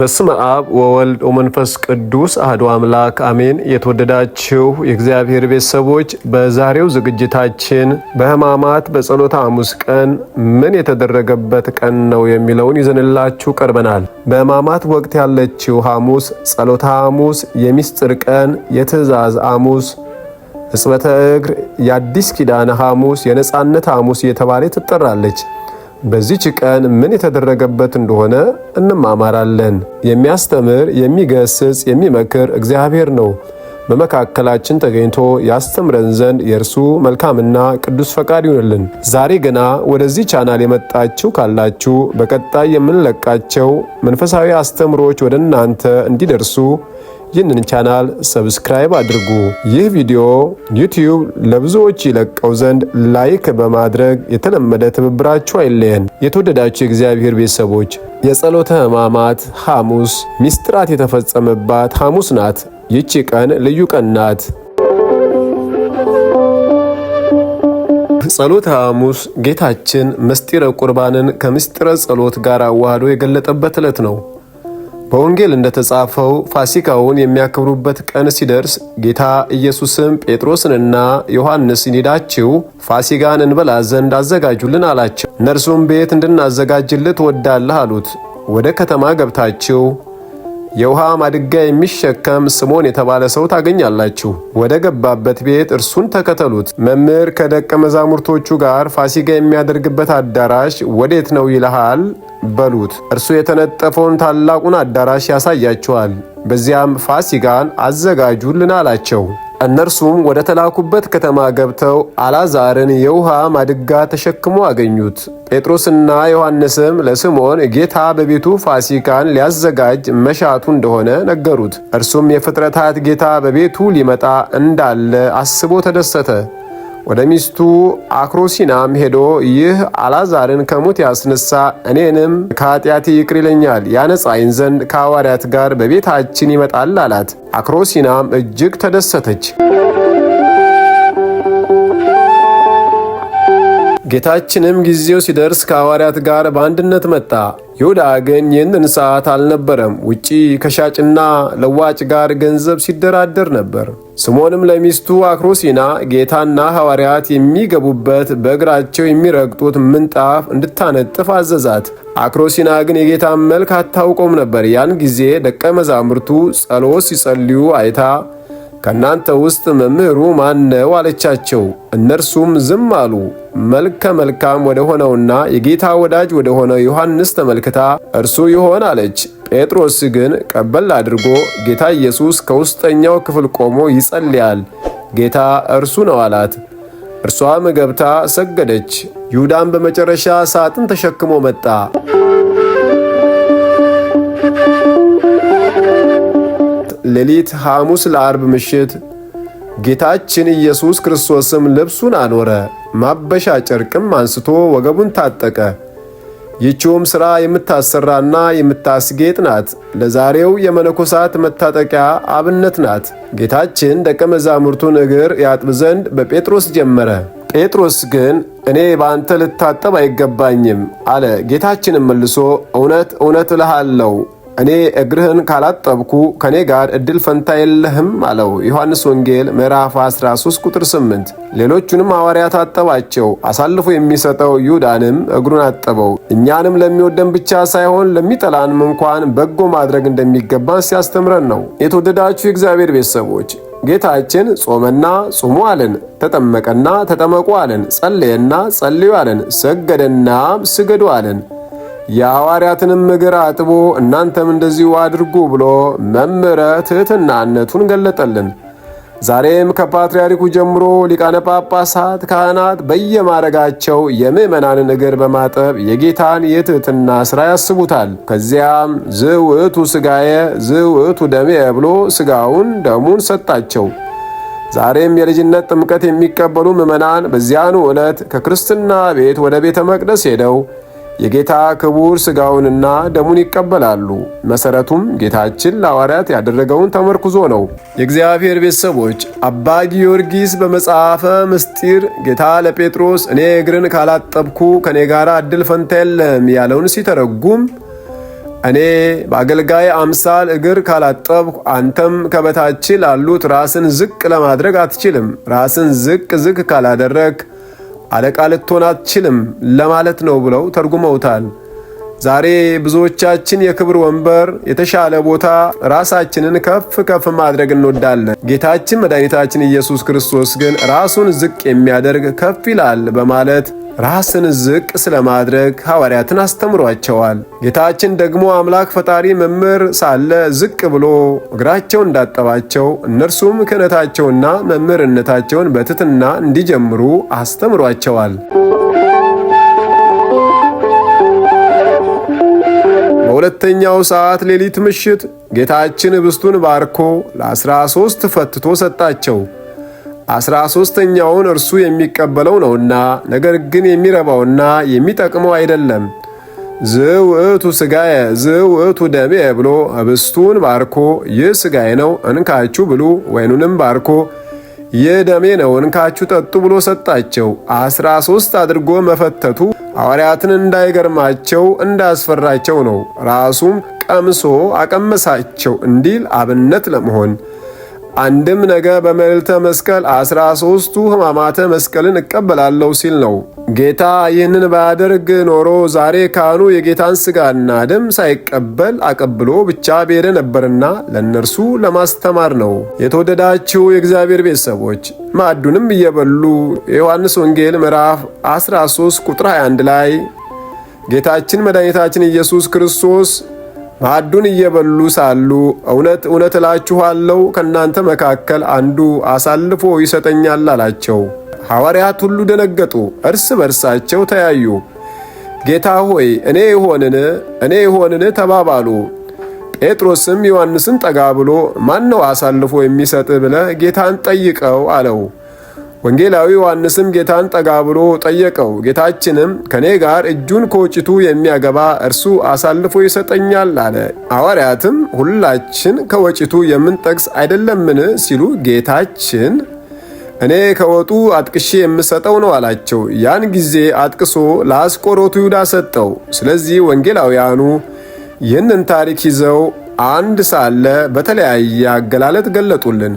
በስመ አብ ወወልድ ወመንፈስ ቅዱስ አህዶ አምላክ አሜን። የተወደዳችሁ የእግዚአብሔር ቤተሰቦች በዛሬው ዝግጅታችን በሕማማት በጸሎተ ሐሙስ ቀን ምን የተደረገበት ቀን ነው የሚለውን ይዘንላችሁ ቀርበናል። በሕማማት ወቅት ያለችው ሐሙስ ጸሎተ ሐሙስ፣ የሚስጥር ቀን፣ የትእዛዝ ሐሙስ እጽበተ እግር፣ የአዲስ ኪዳን ሐሙስ፣ የነፃነት ሐሙስ እየተባለ ትጠራለች። በዚች ቀን ምን የተደረገበት እንደሆነ እንማማራለን። የሚያስተምር፣ የሚገስጽ፣ የሚመክር እግዚአብሔር ነው። በመካከላችን ተገኝቶ ያስተምረን ዘንድ የእርሱ መልካምና ቅዱስ ፈቃድ ይሆንልን። ዛሬ ግና ወደዚህ ቻናል የመጣችሁ ካላችሁ በቀጣይ የምንለቃቸው መንፈሳዊ አስተምሮች ወደ እናንተ እንዲደርሱ ይህንን ቻናል ሰብስክራይብ አድርጉ። ይህ ቪዲዮ ዩቲዩብ ለብዙዎች ይለቀው ዘንድ ላይክ በማድረግ የተለመደ ትብብራችሁ አይለየን። የተወደዳችሁ የእግዚአብሔር ቤተሰቦች የጸሎተ ሕማማት ሐሙስ ሚስጥራት የተፈጸመባት ሐሙስ ናት። ይቺ ቀን ልዩ ቀን ናት። ጸሎተ ሐሙስ ጌታችን ምስጢረ ቁርባንን ከምስጢረ ጸሎት ጋር አዋህዶ የገለጠበት ዕለት ነው። በወንጌል እንደተጻፈው ፋሲካውን የሚያከብሩበት ቀን ሲደርስ ጌታ ኢየሱስም ጴጥሮስንና ዮሐንስን ሂዳችሁ ፋሲጋን እንበላ ዘንድ አዘጋጁልን አላቸው። እነርሱም ቤት እንድናዘጋጅልህ ትወዳለህ አሉት። ወደ ከተማ ገብታችሁ የውሃ ማድጋ የሚሸከም ስሞን የተባለ ሰው ታገኛላችሁ። ወደ ገባበት ቤት እርሱን ተከተሉት። መምህር ከደቀ መዛሙርቶቹ ጋር ፋሲጋ የሚያደርግበት አዳራሽ ወዴት ነው ይልሃል በሉት። እርሱ የተነጠፈውን ታላቁን አዳራሽ ያሳያቸዋል። በዚያም ፋሲጋን አዘጋጁልን አላቸው። እነርሱም ወደ ተላኩበት ከተማ ገብተው አላዛርን የውሃ ማድጋ ተሸክሞ አገኙት። ጴጥሮስና ዮሐንስም ለስምዖን ጌታ በቤቱ ፋሲካን ሊያዘጋጅ መሻቱ እንደሆነ ነገሩት። እርሱም የፍጥረታት ጌታ በቤቱ ሊመጣ እንዳለ አስቦ ተደሰተ። ወደ ሚስቱ አክሮሲናም ሄዶ ይህ አላዛርን ከሙት ያስነሳ እኔንም ከኃጢአቴ ይቅር ይለኛል ያነጻይን ዘንድ ከሐዋርያት ጋር በቤታችን ይመጣል አላት። አክሮሲናም እጅግ ተደሰተች። ጌታችንም ጊዜው ሲደርስ ከሐዋርያት ጋር በአንድነት መጣ። ይሁዳ ግን ይህንን ሰዓት አልነበረም፣ ውጪ ከሻጭና ለዋጭ ጋር ገንዘብ ሲደራደር ነበር። ስምዖንም ለሚስቱ አክሮሲና ጌታና ሐዋርያት የሚገቡበት በእግራቸው የሚረግጡት ምንጣፍ እንድታነጥፍ አዘዛት። አክሮሲና ግን የጌታን መልክ አታውቆም ነበር። ያን ጊዜ ደቀ መዛሙርቱ ጸሎት ሲጸልዩ አይታ ከእናንተ ውስጥ መምህሩ ማን ነው አለቻቸው። እነርሱም ዝም አሉ። መልከ መልካም ወደ ሆነውና የጌታ ወዳጅ ወደ ሆነው ዮሐንስ ተመልክታ እርሱ ይሆን አለች። ጴጥሮስ ግን ቀበል አድርጎ ጌታ ኢየሱስ ከውስጠኛው ክፍል ቆሞ ይጸልያል፣ ጌታ እርሱ ነው አላት። እርሷም ገብታ ሰገደች። ይሁዳም በመጨረሻ ሳጥን ተሸክሞ መጣ። ሌሊት ሐሙስ ለአርብ ምሽት ጌታችን ኢየሱስ ክርስቶስም ልብሱን አኖረ፣ ማበሻ ጨርቅም አንስቶ ወገቡን ታጠቀ። ይህችውም ሥራ የምታሰራና የምታስጌጥ ናት። ለዛሬው የመነኮሳት መታጠቂያ አብነት ናት። ጌታችን ደቀ መዛሙርቱን እግር ያጥብ ዘንድ በጴጥሮስ ጀመረ። ጴጥሮስ ግን እኔ በአንተ ልታጠብ አይገባኝም አለ። ጌታችንም መልሶ እውነት እውነት እልሃለሁ እኔ እግርህን ካላጠብኩ ከኔ ጋር እድል ፈንታ የለህም አለው። ዮሐንስ ወንጌል ምዕራፍ 13 ቁጥር 8። ሌሎቹንም ሐዋርያት አጠባቸው። አሳልፎ የሚሰጠው ይሁዳንም እግሩን አጠበው። እኛንም ለሚወደን ብቻ ሳይሆን ለሚጠላንም እንኳን በጎ ማድረግ እንደሚገባን ሲያስተምረን ነው። የተወደዳችሁ የእግዚአብሔር ቤተሰቦች ጌታችን ጾመና ጹሙ አለን፣ ተጠመቀና ተጠመቁ አለን፣ ጸለየና ጸልዩ አለን፣ ሰገደና ስገዱ አለን። የሐዋርያትንም እግር አጥቦ እናንተም እንደዚሁ አድርጉ ብሎ መምህረ ትሕትናነቱን ገለጠልን። ዛሬም ከፓትርያርኩ ጀምሮ ሊቃነ ጳጳሳት፣ ካህናት በየማረጋቸው የምዕመናንን እግር በማጠብ የጌታን የትሕትና ሥራ ያስቡታል። ከዚያም ዝውቱ ሥጋየ ዝውቱ ደሜ ብሎ ሥጋውን ደሙን ሰጣቸው። ዛሬም የልጅነት ጥምቀት የሚቀበሉ ምዕመናን በዚያኑ ዕለት ከክርስትና ቤት ወደ ቤተ መቅደስ ሄደው የጌታ ክቡር ሥጋውንና ደሙን ይቀበላሉ። መሠረቱም ጌታችን ለሐዋርያት ያደረገውን ተመርኩዞ ነው። የእግዚአብሔር ቤተሰቦች አባ ጊዮርጊስ በመጽሐፈ ምስጢር ጌታ ለጴጥሮስ እኔ እግርን ካላጠብኩ ከእኔ ጋር እድል ፈንታ የለም ያለውን ሲተረጉም እኔ በአገልጋይ አምሳል እግር ካላጠብኩ አንተም ከበታች ላሉት ራስን ዝቅ ለማድረግ አትችልም። ራስን ዝቅ ዝቅ ካላደረግ አለቃ ልትሆን አትችልም ለማለት ነው ብለው ተርጉመውታል። ዛሬ ብዙዎቻችን የክብር ወንበር፣ የተሻለ ቦታ፣ ራሳችንን ከፍ ከፍ ማድረግ እንወዳለን። ጌታችን መድኃኒታችን ኢየሱስ ክርስቶስ ግን ራሱን ዝቅ የሚያደርግ ከፍ ይላል በማለት ራስን ዝቅ ስለማድረግ ሐዋርያትን አስተምሯቸዋል። ጌታችን ደግሞ አምላክ ፈጣሪ መምህር ሳለ ዝቅ ብሎ እግራቸው እንዳጠባቸው እነርሱም ክህነታቸውና መምህርነታቸውን በትትና እንዲጀምሩ አስተምሯቸዋል። በሁለተኛው ሰዓት ሌሊት ምሽት ጌታችን ኅብስቱን ባርኮ ለአስራ ሦስት ፈትቶ ሰጣቸው። አስራ ሦስተኛውን እርሱ የሚቀበለው ነውና፣ ነገር ግን የሚረባውና የሚጠቅመው አይደለም። ዝውእቱ ሥጋዬ ዝውእቱ ደሜ ብሎ ህብስቱን ባርኮ ይህ ሥጋዬ ነው እንካችሁ ብሉ፣ ወይኑንም ባርኮ ይህ ደሜ ነው እንካችሁ ጠጡ ብሎ ሰጣቸው። አስራ ሦስት አድርጎ መፈተቱ ሐዋርያትን እንዳይገርማቸው እንዳያስፈራቸው ነው። ራሱም ቀምሶ አቀመሳቸው እንዲል አብነት ለመሆን አንድም ነገ በመልዕልተ መስቀል አስራ ሶስቱ ሕማማተ መስቀልን እቀበላለሁ ሲል ነው። ጌታ ይህንን ባያደርግ ኖሮ ዛሬ ካህኑ የጌታን ስጋና ደም ሳይቀበል አቀብሎ ብቻ ብሄደ ነበርና ለእነርሱ ለማስተማር ነው። የተወደዳችሁ የእግዚአብሔር ቤተሰቦች ማዕዱንም እየበሉ የዮሐንስ ወንጌል ምዕራፍ 13 ቁጥር 21 ላይ ጌታችን መድኃኒታችን ኢየሱስ ክርስቶስ ማዕዱን እየበሉ ሳሉ እውነት እውነት እላችኋለሁ ከእናንተ መካከል አንዱ አሳልፎ ይሰጠኛል አላቸው። ሐዋርያት ሁሉ ደነገጡ፣ እርስ በርሳቸው ተያዩ። ጌታ ሆይ እኔ ይሆንን እኔ ይሆንን ተባባሉ። ጴጥሮስም ዮሐንስን ጠጋ ብሎ ማን ነው አሳልፎ የሚሰጥ ብለ ጌታን ጠይቀው አለው። ወንጌላዊ ዮሐንስም ጌታን ጠጋ ብሎ ጠየቀው። ጌታችንም ከኔ ጋር እጁን ከወጭቱ የሚያገባ እርሱ አሳልፎ ይሰጠኛል አለ። ሐዋርያትም ሁላችን ከወጭቱ የምንጠቅስ አይደለምን ሲሉ ጌታችን እኔ ከወጡ አጥቅሼ የምሰጠው ነው አላቸው። ያን ጊዜ አጥቅሶ ለአስቆሮቱ ይሁዳ ሰጠው። ስለዚህ ወንጌላውያኑ ይህንን ታሪክ ይዘው አንድ ሳለ በተለያየ አገላለጥ ገለጡልን።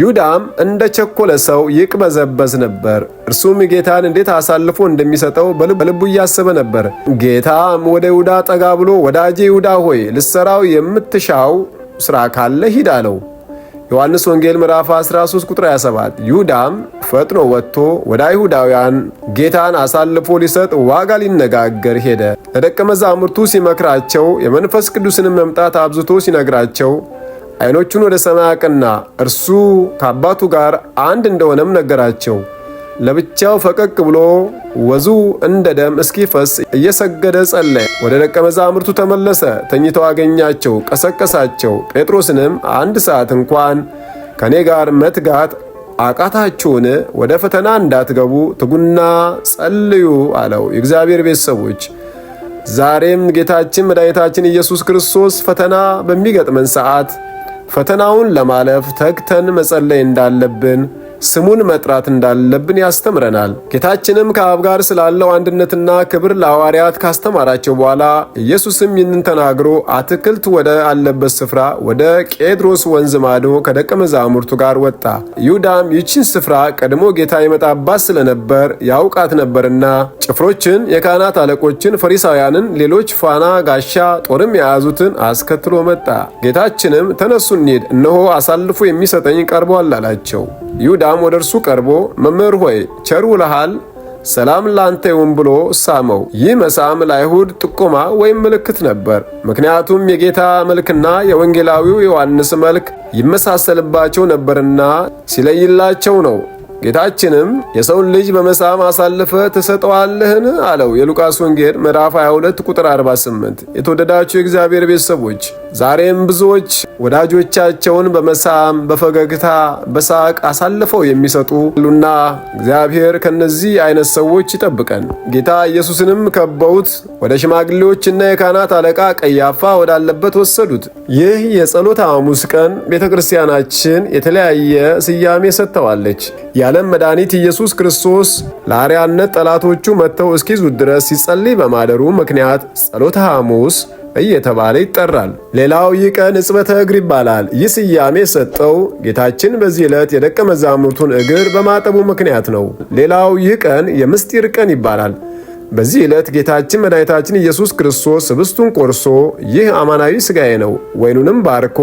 ይሁዳም እንደ ቸኮለ ሰው ይቅበዘበዝ ነበር። እርሱም ጌታን እንዴት አሳልፎ እንደሚሰጠው በልቡ እያሰበ ነበር። ጌታም ወደ ይሁዳ ጠጋ ብሎ ወዳጄ ይሁዳ ሆይ ልሰራው የምትሻው ስራ ካለ ሂድ አለው። ዮሐንስ ወንጌል ምዕራፍ 13 ቁጥር 27። ይሁዳም ፈጥኖ ወጥቶ ወደ አይሁዳውያን ጌታን አሳልፎ ሊሰጥ ዋጋ ሊነጋገር ሄደ። ለደቀ መዛሙርቱ ሲመክራቸው የመንፈስ ቅዱስንም መምጣት አብዝቶ ሲነግራቸው ዓይኖቹን ወደ ሰማይ አቀና። እርሱ ከአባቱ ጋር አንድ እንደሆነም ነገራቸው። ለብቻው ፈቀቅ ብሎ ወዙ እንደ ደም እስኪፈስ እየሰገደ ጸለየ። ወደ ደቀ መዛሙርቱ ተመለሰ። ተኝተው አገኛቸው፣ ቀሰቀሳቸው። ጴጥሮስንም አንድ ሰዓት እንኳን ከእኔ ጋር መትጋት አቃታችሁን? ወደ ፈተና እንዳትገቡ ትጉና ጸልዩ አለው። የእግዚአብሔር ቤተሰቦች ዛሬም ጌታችን መድኃኒታችን ኢየሱስ ክርስቶስ ፈተና በሚገጥመን ሰዓት ፈተናውን ለማለፍ ተግተን መጸለይ እንዳለብን ስሙን መጥራት እንዳለብን ያስተምረናል። ጌታችንም ከአብ ጋር ስላለው አንድነትና ክብር ለሐዋርያት ካስተማራቸው በኋላ ኢየሱስም ይህንን ተናግሮ አትክልት ወደ አለበት ስፍራ ወደ ቄድሮስ ወንዝ ማዶ ከደቀ መዛሙርቱ ጋር ወጣ። ይሁዳም ይችን ስፍራ ቀድሞ ጌታ ይመጣባት ስለነበር ያውቃት ነበርና ጭፍሮችን፣ የካህናት አለቆችን፣ ፈሪሳውያንን፣ ሌሎች ፋና ጋሻ ጦርም የያዙትን አስከትሎ መጣ። ጌታችንም ተነሱ እንሂድ፣ እነሆ አሳልፎ የሚሰጠኝ ቀርቧል አላቸው። ይሁዳ ጌታም ወደ እርሱ ቀርቦ መምህር ሆይ ቸር ውለሃል፣ ሰላም ላንተ ይሁን ብሎ ሳመው። ይህ መሳም ለአይሁድ ጥቆማ ወይም ምልክት ነበር። ምክንያቱም የጌታ መልክና የወንጌላዊው ዮሐንስ መልክ ይመሳሰልባቸው ነበርና ሲለይላቸው ነው። ጌታችንም የሰውን ልጅ በመሳም አሳልፈ ትሰጠዋለህን? አለው። የሉቃስ ወንጌል ምዕራፍ 22 ቁጥር 48። የተወደዳችሁ የእግዚአብሔር ቤተሰቦች ዛሬም ብዙዎች ወዳጆቻቸውን በመሳም በፈገግታ በሳቅ አሳልፈው የሚሰጡ አሉና እግዚአብሔር ከነዚህ አይነት ሰዎች ይጠብቀን። ጌታ ኢየሱስንም ከበውት ወደ ሽማግሌዎችና የካህናት አለቃ ቀያፋ ወዳለበት ወሰዱት። ይህ የጸሎት ሐሙስ ቀን ቤተ ክርስቲያናችን የተለያየ ስያሜ ሰጥተዋለች። የዓለም መድኃኒት ኢየሱስ ክርስቶስ ለአርያነት ጠላቶቹ መጥተው እስኪዙት ድረስ ሲጸልይ በማደሩ ምክንያት ጸሎተ ሐሙስ እየተባለ ይጠራል። ሌላው ይህ ቀን እጽበተ እግር ይባላል። ይህ ስያሜ የሰጠው ጌታችን በዚህ ዕለት የደቀ መዛሙርቱን እግር በማጠቡ ምክንያት ነው። ሌላው ይህ ቀን የምስጢር ቀን ይባላል። በዚህ ዕለት ጌታችን መድኃኒታችን ኢየሱስ ክርስቶስ ኅብስቱን ቆርሶ ይህ አማናዊ ሥጋዬ ነው፣ ወይኑንም ባርኮ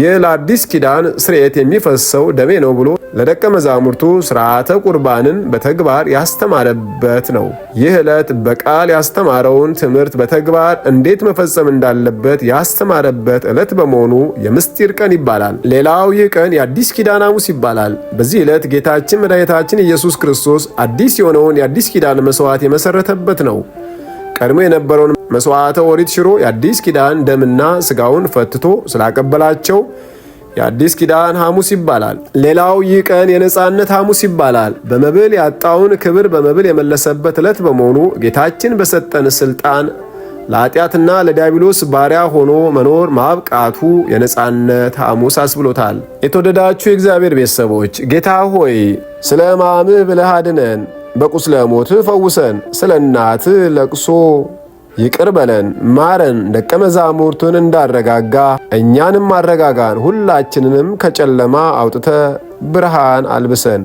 ይህ ለአዲስ ኪዳን ስርየት የሚፈሰው ደሜ ነው ብሎ ለደቀ መዛሙርቱ ስርዓተ ቁርባንን በተግባር ያስተማረበት ነው። ይህ ዕለት በቃል ያስተማረውን ትምህርት በተግባር እንዴት መፈጸም እንዳለበት ያስተማረበት ዕለት በመሆኑ የምስጢር ቀን ይባላል። ሌላው ይህ ቀን የአዲስ ኪዳን ሐሙስ ይባላል። በዚህ ዕለት ጌታችን መድኃኒታችን ኢየሱስ ክርስቶስ አዲስ የሆነውን የአዲስ ኪዳን መስዋዕት የመሰረተበት ነው። ቀድሞ የነበረውን መስዋዕተ ኦሪት ሽሮ የአዲስ ኪዳን ደምና ስጋውን ፈትቶ ስላቀበላቸው የአዲስ ኪዳን ሐሙስ ይባላል። ሌላው ይህ ቀን የነፃነት ሐሙስ ይባላል። በመብል ያጣውን ክብር በመብል የመለሰበት ዕለት በመሆኑ ጌታችን በሰጠን ስልጣን ለኃጢአትና ለዲያብሎስ ባሪያ ሆኖ መኖር ማብቃቱ የነፃነት ሐሙስ አስብሎታል። የተወደዳችሁ የእግዚአብሔር ቤተሰቦች ጌታ ሆይ ስለ ማምህ ብለህ አድነን በቁስለ ሞት ፈውሰን፣ ስለ እናት ለቅሶ ይቅር በለን፣ ማረን። ደቀ መዛሙርቱን እንዳረጋጋ እኛንም አረጋጋን። ሁላችንንም ከጨለማ አውጥተ ብርሃን አልብሰን።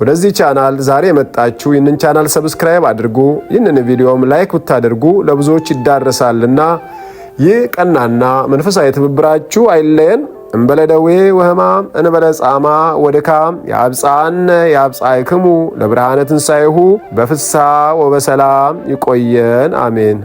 ወደዚህ ቻናል ዛሬ የመጣችሁ ይህንን ቻናል ሰብስክራይብ አድርጉ። ይህንን ቪዲዮም ላይክ ብታደርጉ ለብዙዎች ይዳረሳልና ይህ ቀናና መንፈሳዊ ትብብራችሁ አይለየን። እምበለ ደዌ እንበለ ጻማ ወድካም ያብጻነ ያብጻይክሙ ለብርሃነ ትንሣኤሁ በፍስሐ ወበሰላም ይቆየን አሜን።